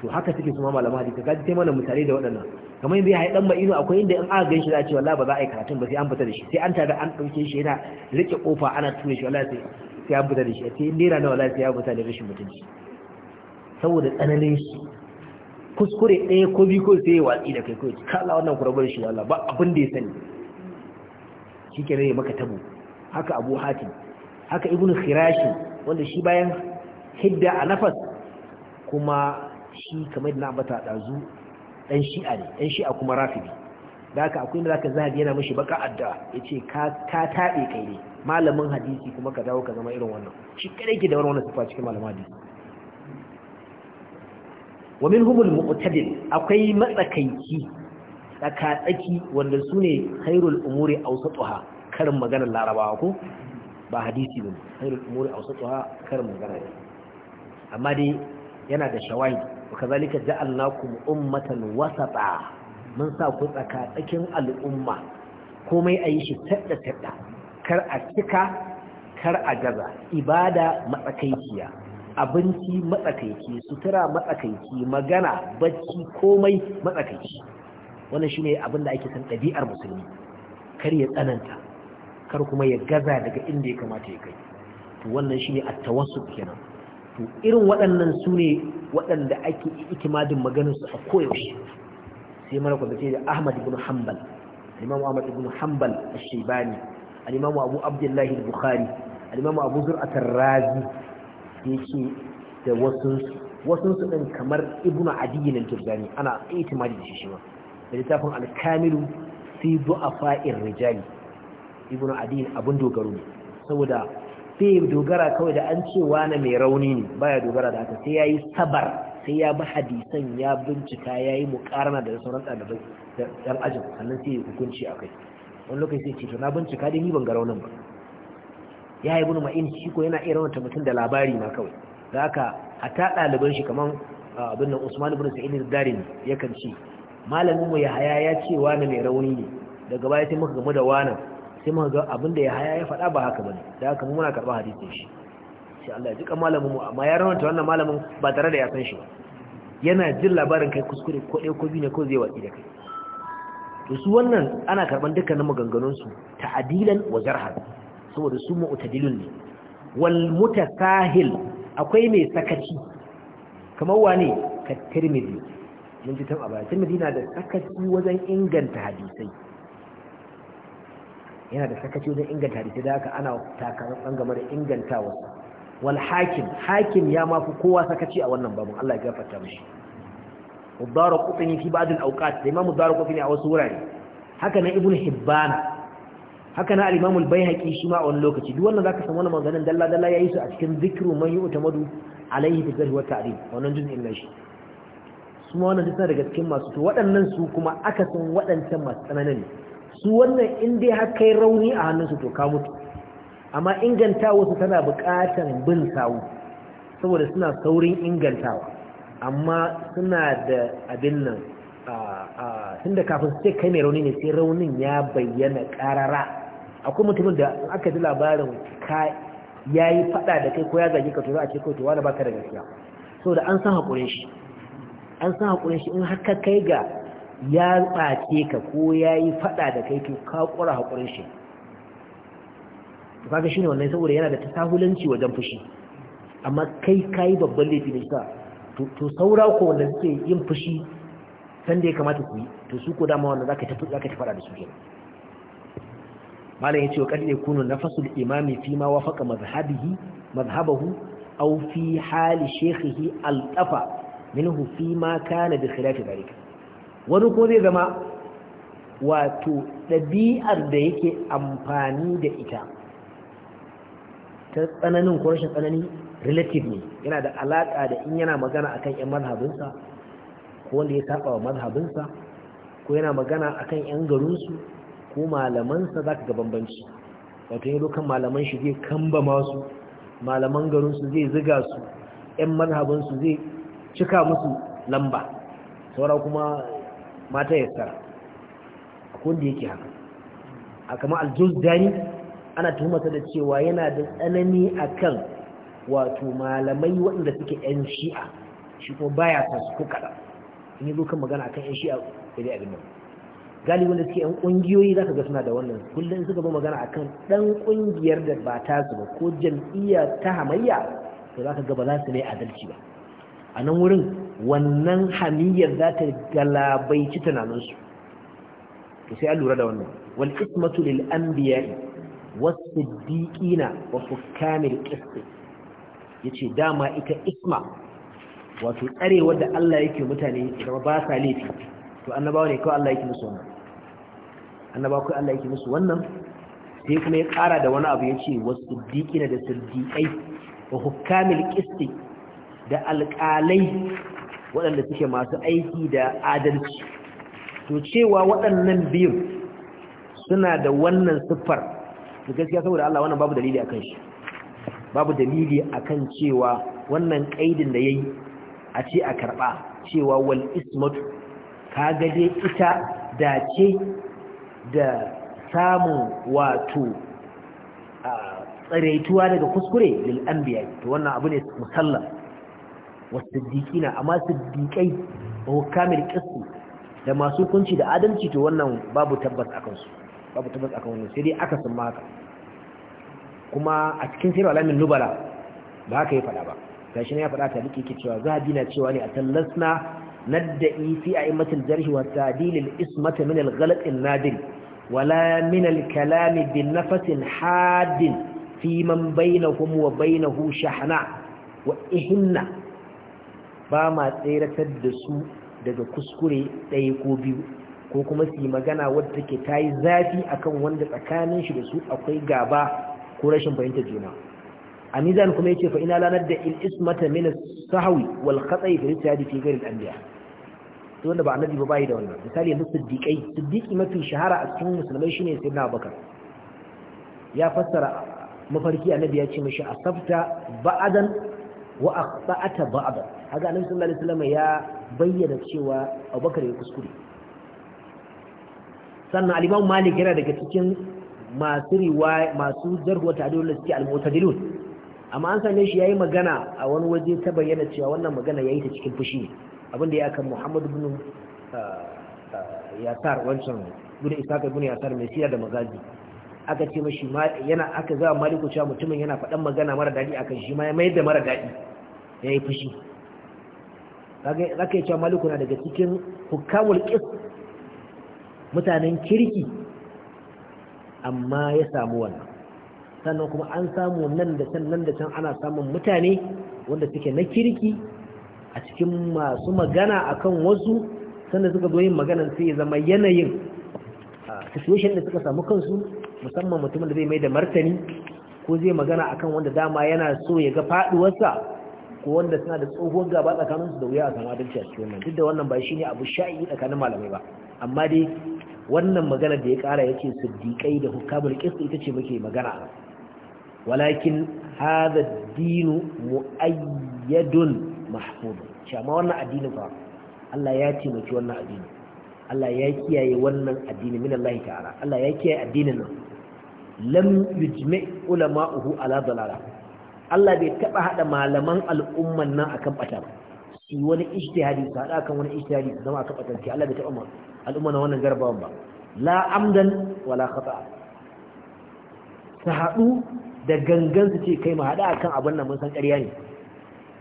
to haka suke suma malaman hadisi ka ji mana mutane da waɗannan kamar yadda ya haɗa ɗan ma'inu akwai inda in aka ganshi za a ce wallah ba za a yi karatun ba sai an fita da shi sai an tada an ɗauke shi yana rike kofa ana tura shi wallah sai an fita da shi sai nera na wallah sai ya fita da rashin mutunci saboda tsananin shi kuskure ɗaya ko biyu ko sai ya watsi da kai ko kala wannan kurabar shi wallah ba abin da ya sani shi ke ne maka tabo haka Abu Hatim haka Ibn Khirashi wanda shi bayan hidda a nafas kuma shi kamar da na ambata ɗazu Ɗan shi'a ne ɗan shi'a kuma rafidi da aka akwai da zaka zahadi yana mashi baka adda ya ce ka taɓe kai ne malamin hadisi kuma ka dawo ka zama irin wannan shi kare ki da wannan sufa cikin malamin hadisi wa humul mu'tadil akwai matsakaici tsaka tsaki wanda sune khairul umuri awsatuha karin maganar larabawa ko ba hadisi ne khairul umuri awsatuha karin magana ne amma dai yana da shawahid sa جعلناكم tsaka وسطا al'umma komai ayi shi كومي أيش kar a cika kar a gaza ibada matsakaiciya abinci matsakaici sutura matsakaici magana bacci komai matsakaici wannan shine abin da ake san ɗabi'ar musulmi kar ya tsananta kar kuma ya gaza daga inda ya kamata ya kai to wannan shine at-tawassut kenan to irin waɗannan sune waɗanda ake ikimadin su a koyaushe sai mara kwanta ce da ahmad ibn hanbal alimamu ahmad ibn hanbal a shaibani alimamu abu abdullahi bukhari alimamu abu zur'atar razi ya ce da wasunsu wasunsu ɗin kamar ibn adiyin al-jurjani ana itimadi da shi shi ma da littafin alkamilu fi du'afa'ir rijali ibn adiyin abin dogaro ne saboda sai dogara kawai da an ce wani mai rauni ne baya dogara da haka sai ya yi sabar sai ya bi hadisan ya bincika ya yi mukarana da sauran ɗalibai da ɗan ajin sannan sai ya hukunci a kai wani lokaci sai ce to na bincika dai ni ban ga raunin ba ya yi bunuma in shi ko yana iya wata mutum da labari ma kawai da haka hatta ɗaliban shi kamar abin nan usman ibn sa'id darin yakan ce malamin mu yahaya ya ce wani mai rauni ne daga baya sai muka gamu da wannan sai ma ga abin da ya haya ya faɗa ba haka bane da haka mu muna karɓa hadisin shi sai Allah ya jika malamin mu amma ya rawanta wannan malamin ba tare da ya san shi ba yana jin labarin kai kuskure ko ɗaya ko biyu ne ko zai watsi da kai to su wannan ana karɓar dukkanin maganganun su ta'adilan wa jarhan saboda su mu'tadilun ne wal mutasahil akwai mai sakaci kamar wane ka tirmidhi mun ji tan a baya tirmidhi na da sakaci wajen inganta hadisai yana da sakaci wajen inganta hadisi da haka ana takarar game da ingantawa wal hakim hakim ya mafi kowa sakaci a wannan babin Allah ya gafarta mishi mudara qutni fi ba'd al-awqat da imam mudara qutni a wasu wurare haka na ibnu Hibbana, haka na al-imam al-baihaqi shi ma a wani lokaci duk wannan zaka san wannan maganin dalla dalla yayi su a cikin zikru man yu'tamadu alaihi fi jarh wa ta'dil wannan juz'in nashi su ma wannan duk daga cikin masu to waɗannan su kuma aka akasin waɗancan masu tsananin ne su wannan in dai har kai rauni a hannunsu to ka mutu amma ingantawa su tana buƙatar bin sawu saboda suna saurin ingantawa amma suna da abin nan tun da kafin su ce kai mai rauni ne sai raunin ya bayyana karara akwai mutumin da aka ji labarin ka ya yi faɗa da kai ko ya zage ka to za a ce kai to wani baka da gaskiya saboda an san haƙurin shi an san haƙurin shi in haka kai ga ya ɓace ka ko ya yi faɗa da kai to ka ƙura haƙurin shi kaga shi ne wannan saboda yana da tasahulanci wajen fushi amma kai ka yi babban laifi ne sa to saura ko wanda suke yin fushi sanda ya kamata ku yi to su ko dama wanda za ka ta faɗa da su ke. malam ya ce wa ƙarfe kunu na fasul imami fi ma wafaka mazhabihi mazhabahu aw fi hali shekhihi alƙafa minhu fi ma kana bi khilafi zalika wani ko zai zama wato ɗabi'ar da yake amfani da ita ta tsananin ko rashin tsanani relative ne yana da alaƙa da in yana magana a kan 'yan mazhabinsa ko wanda ya saba wa mazhabinsa ko yana magana a kan 'yan garinsu ko malamansa za ka ga bambanci wato yi dokan malaman shi zai kamba masu malaman garinsu zai ziga su 'yan mazhabinsu zai cika musu lamba saura kuma mata ya tsara akwai da yake haka a kama dani ana tuhumata da cewa yana da tsanani akan wato malamai waɗanda suke 'yan shi'a shi kuma baya ta su ko kaɗan in yi kan magana akan 'yan shi'a da dai abin nan galibin da suke 'yan ƙungiyoyi za ka ga suna da wannan kullum suka bi magana akan ɗan ƙungiyar da ba ta su ba ko jam'iyya ta hamayya to za ka ga ba za su ne adalci ba a nan wurin wannan hamiyar za ta galabaici tunaninsu to sai an lura da wannan wal ismatu lil anbiya'i was siddiqina wa fukamil qist yace dama ita isma wato tsarewar da Allah yake mutane da ba sa laifi to annabawa ne kawai Allah yake musu wannan annabawa kawai Allah yake musu wannan sai kuma ya kara da wani abu yace was siddiqina da siddiqai wa hukamil qist da alƙalai waɗanda suke masu aiki da adalci to cewa waɗannan biyun suna da wannan siffar da gaskiya saboda Allah wannan babu dalili akan shi babu dalili akan cewa wannan kaidin da yayi a ce a karba cewa wal ismatu ka gaje ita dace da samun wato tsaraituwa daga kuskure lil anbiya to wannan abu ne musallam wasiddiqina amma siddiqai wa kamil qist da masu kunci da adalci to wannan babu tabbas akan su babu tabbas akan wannan sai dai aka san haka kuma a cikin sirr alamin nubala ba haka ya fada ba gashi ne ya fada ta duk yake cewa zahabi na cewa ne atallasna nadda'i fi a'immatil jarh wa ta'dil al-ismat min al-ghalat an-nadir wala min al-kalam bin nafasin hadin fi man bainahum wa bainahu shahna wa ihinna ba ma tseratar da su daga kuskure ɗaya ko biyu ko kuma su yi magana wadda take ta yi zafi akan wanda tsakanin shi da su akwai gaba ko rashin fahimtar juna a mizan kuma yace fa ina lanar da il ismata min sahwi wal khata'i fi rijtihadi fi ghairi al anbiya to wanda ba annabi ba bai da wannan misali yanzu siddiqai siddiqi mafi shahara a cikin musulmai shine sayyidina abubakar ya fassara mafarki annabi ya ce mishi asabta ba'adan wa akhta'ata ba'da haka annabi sallallahu alaihi ya bayyana cewa Abubakar ya kuskure sannan al-Imam Malik yana daga cikin masu riwa masu jarh wa ta'dil da suke al-mu'tadilun amma an same shi yayi magana a wani waje ta bayyana cewa wannan magana yayi ta cikin fushi abin da ya kan Muhammad ibn uh, uh, Yasar wancan gudu Isaka ibn Yasar mai siyar da magazi aka ce mashi yana aka zama maliku cewa mutumin yana faɗan magana mara daɗi akan shi ma ya mayar da mara daɗi ya yi fushi zaka yi cewa maliku na daga cikin hukamul ƙis mutanen kirki amma ya samu wannan sannan kuma an samu nan da can nan da can ana samun mutane wanda suke na kirki a cikin masu magana akan wasu sannan suka zo yin maganan sai ya zama yanayin situation da suka samu kansu musamman mutumin da zai mai da martani ko zai magana akan wanda dama yana so ya ga faduwarsa ko wanda suna da tsohon gaba tsakaninsu da wuya a samu adalci a cikin wannan duk da wannan ba shi ne abu sha'i tsakanin malamai ba amma dai wannan magana da ya kara yake siddiqai da hukamul qist ita ce muke magana walakin hadha ad-din muayyadun mahfuz shi ma wannan addini fa Allah ya taimaki wannan addini Allah ya kiyaye wannan addini min ta'ala Allah ya kiyaye addinin nan lam yujmi ulama'uhu ala dalala Allah bai taba hada malaman al'umman nan akan bata ba shi wani ijtihadi su hada kan wani ijtihadi su zama akan bata ce Allah bai taba al'umman wannan garbawan ba la amdan wala khata su hadu da gangan su ce kai mu hada akan abin nan mun san ƙarya ne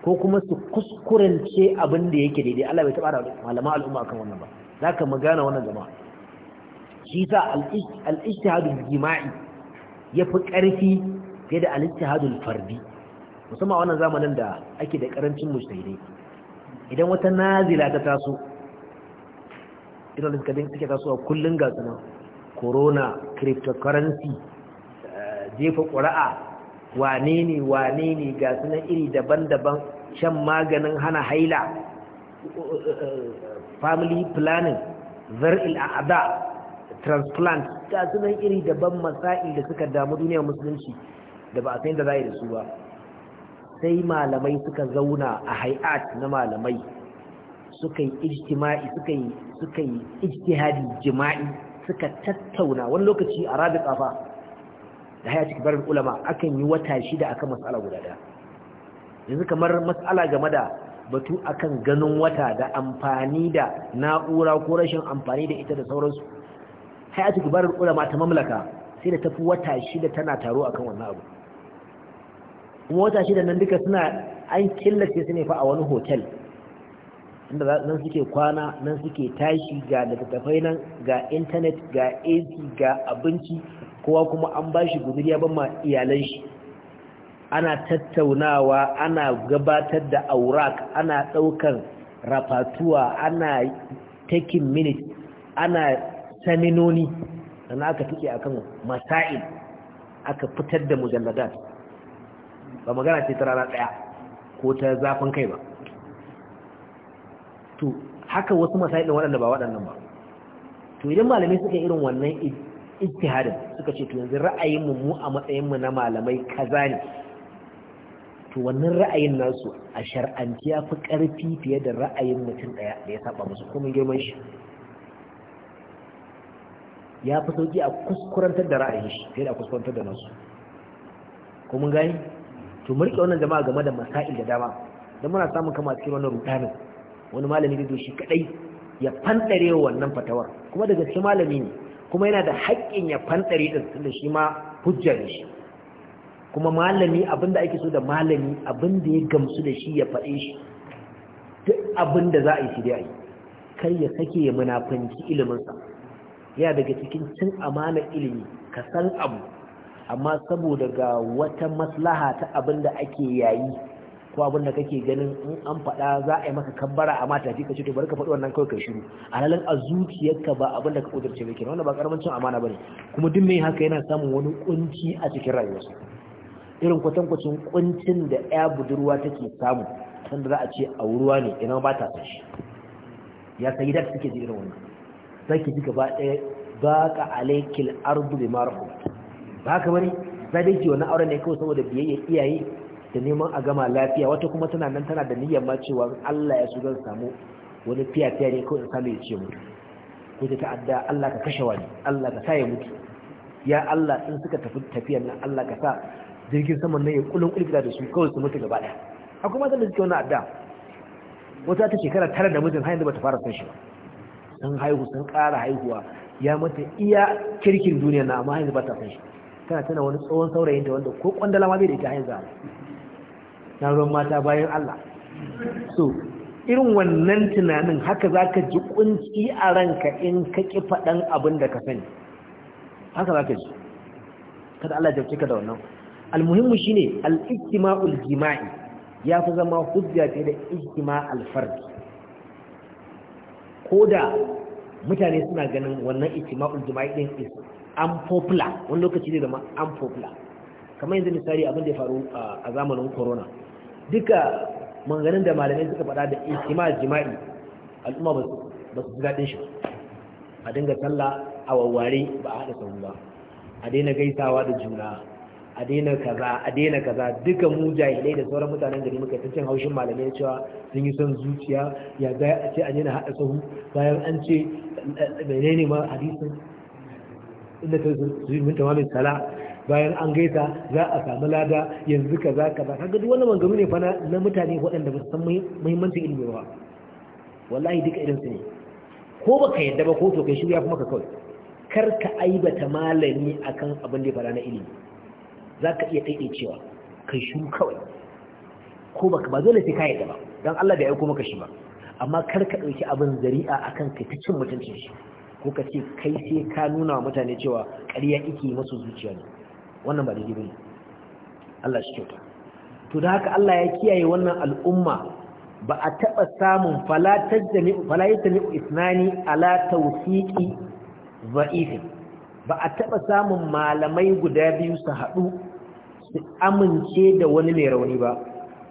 ko kuma su kuskurance abin da yake daidai Allah bai taba da malaman al'umma akan wannan ba zaka mu gane wannan jama'a shi sa al-ijtihadu jima'i ya fi ƙarfi fiye da al-ijtihadul fardi musamman wannan zamanin da ake da ƙarancin mujtahidai idan wata nazila ta taso irin da suke tasowa kullum ga sunan corona cryptocurrency eh, jefa ƙura'a wane ne wane ne ga sunan iri daban-daban shan maganin hana haila eh, eh, family planning zar'il a'ada transplant ga sunan iri daban masai da suka damu duniyar musulunci da ba a san da za a yi da su ba sai malamai suka zauna a hay'at na malamai suka yi ijtima'i suka yi suka yi ijtihadi jima'i suka tattauna wani lokaci a rabi kafa da haya cikin barin ulama akan yi wata shida akan mas'ala guda da yanzu kamar mas'ala game da batu akan ganin wata da amfani da na'ura ko rashin amfani da ita da sauransu hay'atu kibarul ulama ta mamlaka sai da tafi wata shida tana taro akan wannan abu kuma wata shida nan duka suna an killace su ne fa a wani hotel inda nan suke kwana nan suke tashi ga littattafai nan ga intanet ga ac ga abinci kowa kuma an ba shi guduri ya ban ma iyalan shi ana tattaunawa ana gabatar da aurak ana ɗaukar rafatuwa ana taking minutes ana saminoni sannan aka a akan masail aka fitar da mujalladat ba magana ce ta rana daya ko ta zafin kai ba to haka wasu masail da waɗanda ba waɗannan ba to idan malamai suka irin wannan ijtihadin suka ce to yanzu ra'ayin mu a matsayin mu na malamai kaza ne to wannan ra'ayin nasu a shar'anci ya fi ƙarfi fiye da ra'ayin mutum ɗaya da ya saba musu kuma girman shi ya fi sauki a kuskurantar da ra'ayi shi fiye da kuskurantar da nasu ko mun gani to mu rike wannan jama'a game da masail da dama dan muna samun kama cikin wannan rudanin wani malami da shi kadai ya fantsare wannan fatawar kuma daga cikin malami ne kuma yana da haƙƙin ya fantsare din da shi ma hujja ne shi kuma malami abinda ake so da malami abinda ya gamsu da shi ya faɗe shi duk abinda za a yi shi dai a yi kar ya sake ya munafanci iliminsa yana daga cikin cin amana ilimi ka san abu amma saboda ga wata maslaha ta abin da ake yayi ko abin da kake ganin in an faɗa za a yi maka kabbara a mata ka ce to bari ka faɗi wannan kawai ka shiru alalan a zuciyarka ba abin da ka kudurce ba kenan wannan ba karamin cin amana bane kuma duk mai haka yana samun wani kunci a cikin rayuwarsa irin kwacin kuncin da ya budurwa take samu sanda za a ce a ruwa ne ina ba ta san ya sayi da suke ji irin wannan zaki ji gaba ɗaya ba ka alaikil ardu bi marhu ba haka bane sai ki wani auren ne kawai saboda biyayya iyaye da neman a gama lafiya wata kuma tana nan tana da niyyar ma cewa Allah ya so zan samu wani fiya fiya ne kawai in samu ya ce mutu ko ta ta'adda Allah ka kashe wani Allah ka sa ya mutu ya Allah in suka tafi tafiyan nan Allah ka sa jirgin saman nan ya kulun kulkula da su kawai su mutu gaba ɗaya akwai matsalar da suke wani adda wata ta shekara tara da mijin har yanzu bata fara son shi ba sun haihu sun ƙara haihuwa ya mata iya kirkin duniya na amma yanzu ba ta fashi tana tana wani tsohon saurayin ta wanda ko kwandala ma bai da ita yanzu na ruwan mata bayan Allah so irin wannan tunanin haka za ka ji kunci a ranka in ka ƙi faɗan abin da ka sani haka za ka ji kada Allah jabce ka da wannan almuhimmu shine al-ijtima'ul jima'i ya fi zama hujja ce da ijtima al ko da mutane suna ganin wannan ijma'ul jima'i din is popular wani lokaci ne zama popular kamar yanzu misali abin da ya faru a zamanin corona duka manganin da malamai suka faɗa da ijma'ul jima'i al'umma ba su ji daɗin shi a dinga sallah a wawware ba a haɗa sauru ba a daina gaisawa da juna a daina kaza a daina kaza duka mu jahilai da sauran mutanen gari muka cin haushin malamai cewa sun yi son zuciya ya ga a ce an yana haɗa sahu bayan an ce menene ma hadisin inda ta zuwa tamamin sala bayan an gaita za a samu lada yanzu kaza kaza kaga duk wannan mangaru ne fa na mutane waɗanda ba su san muhimmancin ilimi ba wallahi duka irin su ne ko baka yadda ba ko to kai shirya kuma ka kawai kar ka aibata malami akan abin da ya fara na ilimi za ka iya cewa kai shiru kawai ko baka ba dole sai ka yi ba don Allah bai aiko maka shi ba amma kar ka ɗauki abin zari'a akan kai ta cin mutuncin shi ko ka ce kai sai ka nuna wa mutane cewa ƙarya ike masu zuciya ne wannan ba daidai bane Allah shi kyauta to da haka Allah ya kiyaye wannan al'umma ba a taɓa samun ta tajjami'u isnani ala tawfiqi za'ifin? ba a taɓa samun malamai guda biyu su haɗu su amince da wani mai rauni ba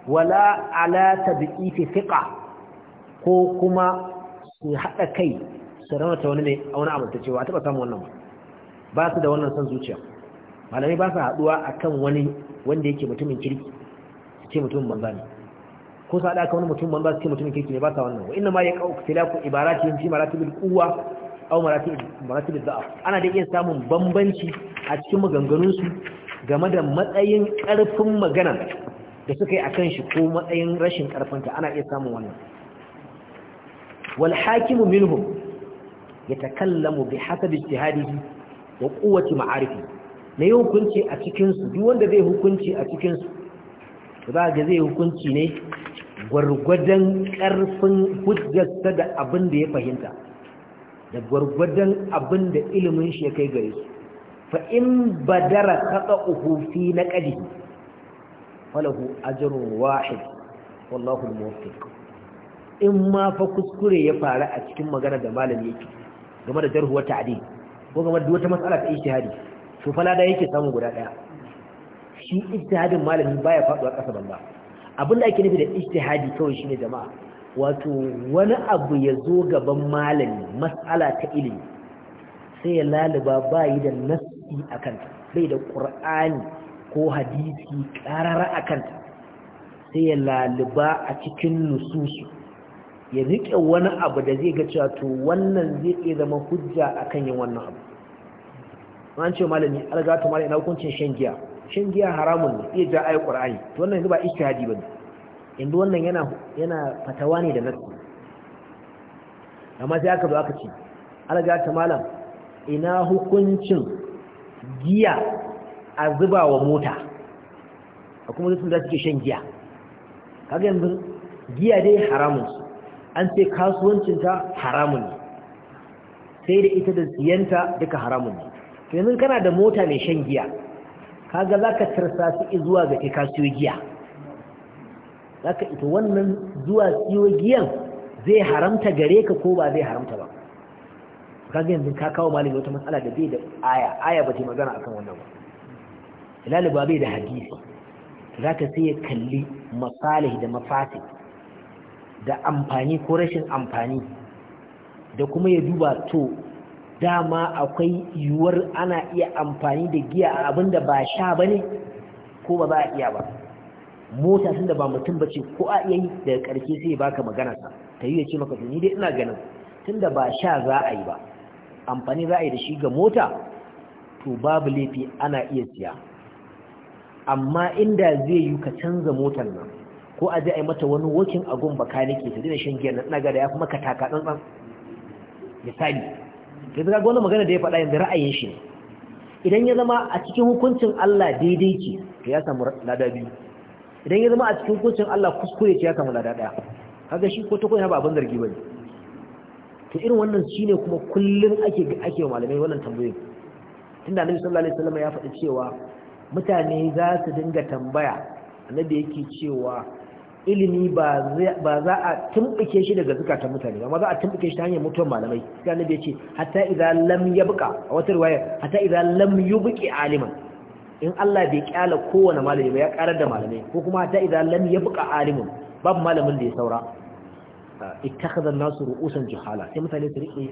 wala ala tadqifi thiqa ko kuma su hada kai su ta wani mai wani cewa a taba samu wannan ba su da wannan san zuciya malamai ba su haduwa akan wani wanda yake mutumin kirki su ce mutumin banza ne ko su haɗa ka wani mutumin banza su ce mutumin kirki ne ba sa wannan wa inna ma ya kawo tilaku yin fi kuwa, quwwa aw maratibul da'af ana da iya samun bambanci a cikin maganganunsu game da matsayin ƙarfin magana da suka yi a kan shi ko matsayin rashin ƙarfinta ana iya samun wannan Walhakimu wal ya minhum mu bi hasabi ijtihadihi wa quwwati ma'arifi Na yi hukunci a cikinsu, duk wanda zai hukunci a cikinsu, za ga zai hukunci ne gwargwadon ƙarfin hujjarsa da abin da ya fahimta da gwargwadon abin da ilimin shi ya kai gare su fa in badara qata'uhu fi naqdi falahu ajrun wahid wallahu al-muwaffiq in ma fa kuskure ya faru a cikin magana da malami yake game da jarhu wata a'di ko game da wata mas'ala ta ijtihadi to fala da yake samu guda ɗaya, shi ijtihadin malami baya ƙasa ban ba, abinda ake nufi da ijtihadi kawai shine jama'a wato wani abu ya zo gaban malami mas'ala ta ilimi sai ya laliba bayi da nas nassi a kanta bai da ƙura'ani ko hadisi ƙarara a kanta sai ya laluba a cikin nususu ya riƙe wani abu da zai ga cewa to wannan zai iya zama hujja a kan yin wannan abu an ce malami ta malami na hukuncin shan giya shan giya haramun ne iya ja yi qur'ani to wannan yanzu ba ijtihadi bane yanzu wannan yana fatawa ne da nasu amma sai aka zo aka ce ta malam ina hukuncin giya a zuba wa mota a kuma zutun da suke shan giya kaga yanzu giya dai haramun su an ce kasuwancinta haramun ne sai da ita da siyanta duka haramun ne yanzu kana da mota mai shan giya kaga za ka tarsa su zuwa ga kai kasuwa giya za ka ita wannan zuwa siyo giyan zai haramta gare ka ko ba zai haramta ba kaga yanzu ka kawo malami wata matsala da bai da aya aya ba ta magana akan wannan ba hilal ba bai da hadisi ka sai ya kalli masalih da mafati da amfani ko rashin amfani da kuma ya duba to dama akwai yiwuwar ana iya amfani da giya a abin ba sha ba ne ko ba za a iya ba mota sun da ba mutum ba ce ko a iya yi daga karshe sai baka maganarsa ta yi ya ce maka ni dai ina ganin Tunda ba sha za a yi ba amfani za a yi da shi ga mota to babu laifi ana iya siya amma inda zai yi ka canza motar nan ko a je a yi mata wani wakin gun baka nake ta dina shan giyar na gada ya fi maka taka tsantsan misali da zaga wani magana da ya faɗa yanzu ra'ayin shi ne idan ya zama a cikin hukuncin Allah daidai ke, to ya samu lada biyu idan ya zama a cikin hukuncin Allah kuskure ce ya samu lada ɗaya kaga shi ko ta koyi ba abin zargi bane to irin wannan shine kuma kullum ake ake malamai wannan tambayoyin tunda annabi sallallahu alaihi wasallam ya faɗi cewa mutane za su dinga tambaya annabi yake cewa ilimi ba za a tumbuke shi daga zukatan mutane amma za a tumbuke shi ta hanyar mutuwar malamai sai annabi ya ce hatta idza lam yabqa a wata riwaya hatta idza lam yubqi aliman in Allah bai kyala kowane malami ba ya karar da malamai ko kuma hatta idza lam yabqa alimun babu malamin da ya saura ittakhadha nasu ru'usan juhala sai mutane su rike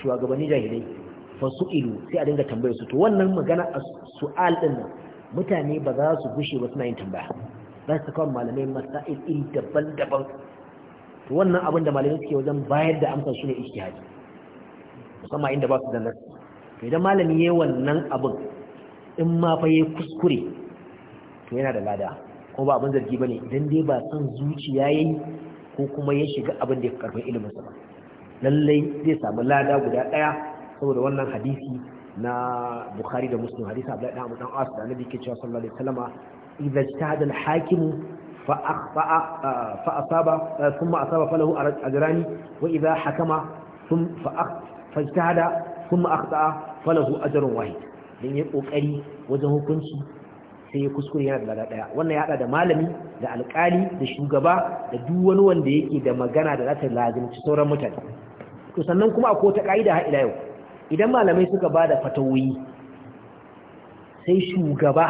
shugabanni jahilai fa su'ilu sai a dinga tambaye su to wannan magana a su'al din nan mutane ba za su gushe ba suna yin tambaya za su kawo malamai masail iri daban-daban to wannan abin da malamai suke wajen bayar da amsa shine ijtihadi musamman inda ba su da nas to idan malami yayi wannan abin in ma fa yayi kuskure to yana da lada ko ba abin zargi bane idan dai ba son zuciya yayi ko kuma ya shiga abin da ya karfin ilimin sa lallai zai samu lada guda daya saboda wannan hadisi na bukhari da muslim hadisi abdullahi dan dan as da annabi ke cewa sallallahu alaihi wasallama idza ijtahada al-hakim fa akhfa'a fa asaba thumma asaba falahu ajrani wa idza hakama thumma fa fajtahada thumma akhta'a falahu ajrun wahid dan yi kokari wajen hukunci sai ya kuskure yana da lada daya wannan ya hada da malami da alkali da shugaba da duk wani wanda yake da magana da za ta lazimci sauran mutane to sannan kuma akwai wata ka'ida har ila yau idan malamai suka ba da fatawoyi sai shugaba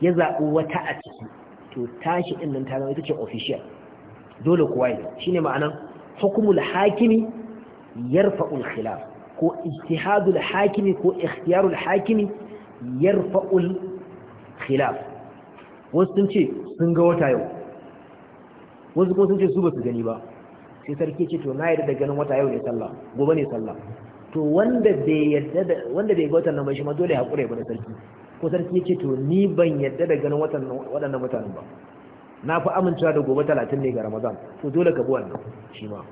ya zaɓi wata a ciki to tashi ɗin nan ta zama ita ce official dole kuwa shine shi ma'anan hukumul hakimi yarfa'ul khilaf ko ijtihadul hakimi ko ikhtiyarul hakimi yarfa'ul khilaf wasu sun ce sun ga wata yau wasu kuma sun ce su ba su gani ba sai sarki ce to na yarda da ganin wata yau ne sallah gobe ne sallah to wanda bai yarda da wanda bai ga wata nan ba shi ma dole hakuri ya da sarki ko sarki ce to ni ban yarda da ganin nan waɗannan mutanen ba na fi amincewa da gobe talatin ne ga ramadan to dole ka bi wannan shi ma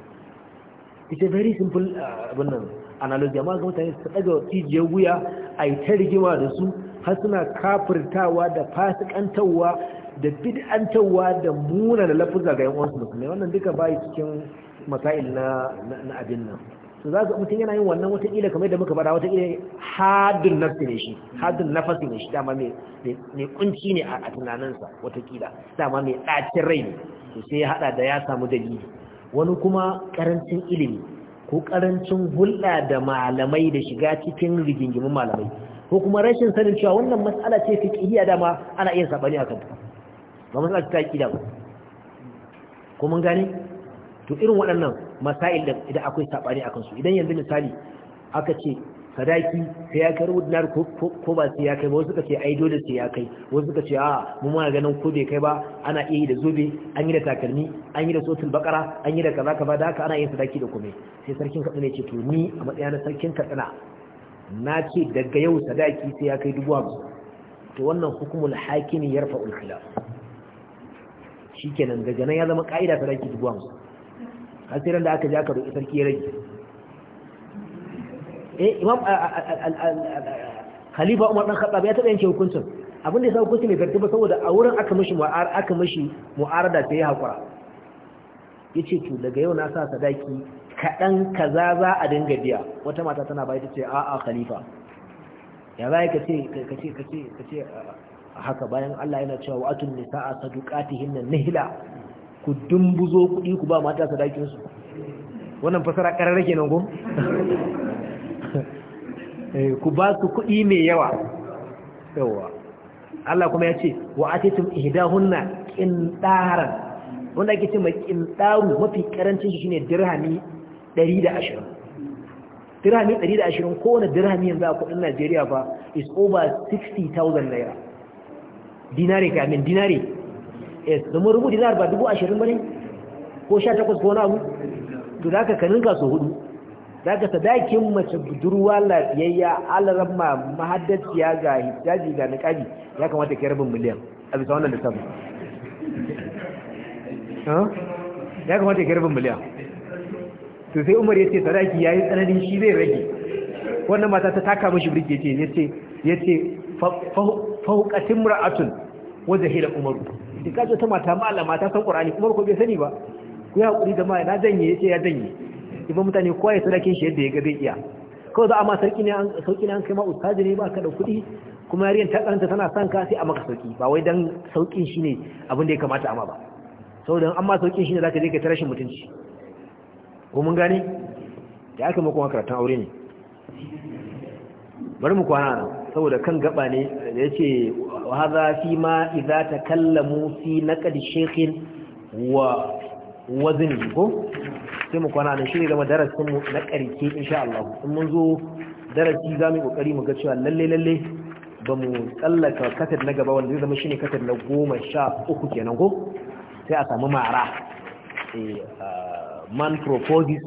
it's a very simple uh, abin nan analogy amma ga mutane su daga cijiyar wuya a yi ta rigima da su har suna kafirtawa da fasikantarwa da bid'antarwa da muna da lafuza ga yan su musulmai wannan duka bai cikin masail na na abin nan to za su mutum yana yin wannan wata kila kamar da muka bada wata kila na nafsi ne shi hadin nafsi ne shi dama mai mai kunci ne a tunaninsa wata kila dama mai dacin rai ne to sai ya hada da ya samu dalili wani kuma karancin ilimi ko karancin hulɗa da malamai da shiga cikin rigingimin malamai ko kuma rashin sanin cewa wannan matsala ce fi fiqhiyya dama ana iya sabani akan kanta ba matsala ta aqida ba ko mun gane to irin waɗannan masail da idan akwai sabani akan su idan yanzu misali aka ce sadaki sai ya kai rubu dinar ko ba sai ya kai ba wasu suka ce ai dole sai ya kai wasu suka ce a mu muna ganin ko bai kai ba ana iya yi da zobe an yi da takalmi an yi da sotul bakara an yi da kaza kaza da haka ana yin sadaki da komai sai sarkin katsina ya ce to ni a matsayin sarkin katsina na ce daga yau sadaki sai ya kai dubu hamsin to wannan hukumul hakimi yarfa ulkhilaf shikenan daga nan ya zama ka'ida sadaki dubu hamsin hasiran da aka ji aka roƙi sarki ya rage Eh, imam khalifa umar dan khattab ya taɓa yanke hukuncin abin da ya sa hukunci mai karfi saboda a wurin aka mishi mu'ar aka mishi mu'arada sai ya hakura yace to daga yau na sa sadaki kaɗan kaza za a dinga biya wata mata tana bai ta ce a'a khalifa ya za ka ce ka ce ka ce ka ce haka bayan Allah yana cewa wa atun nisa'a na nihla ku dumbuzo kuɗi ku ba mata sadakin su wannan fasara kararrake nan gum Eh, ku ba su kuɗi mai yawa yawa Allah kuma ya ce wa atitum ihdahunna qindaran wanda ake ce mai ɗaru mafi ƙarancin shi ne dirhami 120 dirhami 120 kowane dirhami yanzu a kuɗin Najeriya ba is over 60000 naira dinare ka min dinare da mun rubu dinar ba dubu ba bane ko sha takwas ko wani abu to da aka kanin ka hudu daga sadakin mace budurwa lafiyayya alaran ma ya ga hijjaji ga niqabi ya kamata ke rabin miliyan a bisa wannan lissafi ya kamata ke rabin miliyan to sai Umar ce sadaki yi tsananin shi zai rage wannan mata ta taka mashi birke ce ya ce fahukatin mura'atun ra'atun hila umaru duk kajo ta mata malama ta san Qur'ani Umar ko bai sani ba ku haƙuri da jama'a na janye ce ya janye imam mutane kowa ya sadakin shi yadda ya gabe iya kawai za a ma sarki ne sauki ne an kai ma ustaji ne ba ka da kuɗi kuma yariyar ta karanta tana son ka sai a maka sauki ba wai dan saukin shi ne abin da ya kamata a ma ba saboda an ma saukin shi ne za ka je ka ta rashin mutunci ko mun gane da aka makon karatun aure ne bari mu kwana nan saboda kan gaba ne da yace wa hadha fi ma idza takallamu fi naqd shaykhin wa wazini ko sai mu kwana nan shine zama darasin mu na ƙarke insha Allah in mun zo darasi za mu kokari mu ga cewa lalle lalle ba mu tsallaka katar na gaba wanda zai zama shine katar na goma sha uku kenan ko sai a samu mara eh, man proposes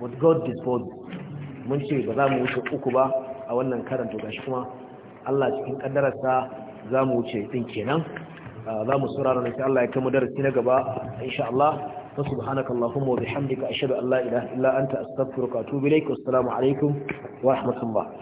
but God disposes mun ce ba za mu wuce uku ba a wannan karanto, gashi kuma Allah cikin kaddararsa za mu wuce din kenan za mu saurara ne sai Allah ya kai mu darasi na gaba insha Allah fa subhanaka allahumma wa bihamdika ashhadu an la ilaha illa anta astaghfiruka wa atubu wa assalamu alaikum wa rahmatullah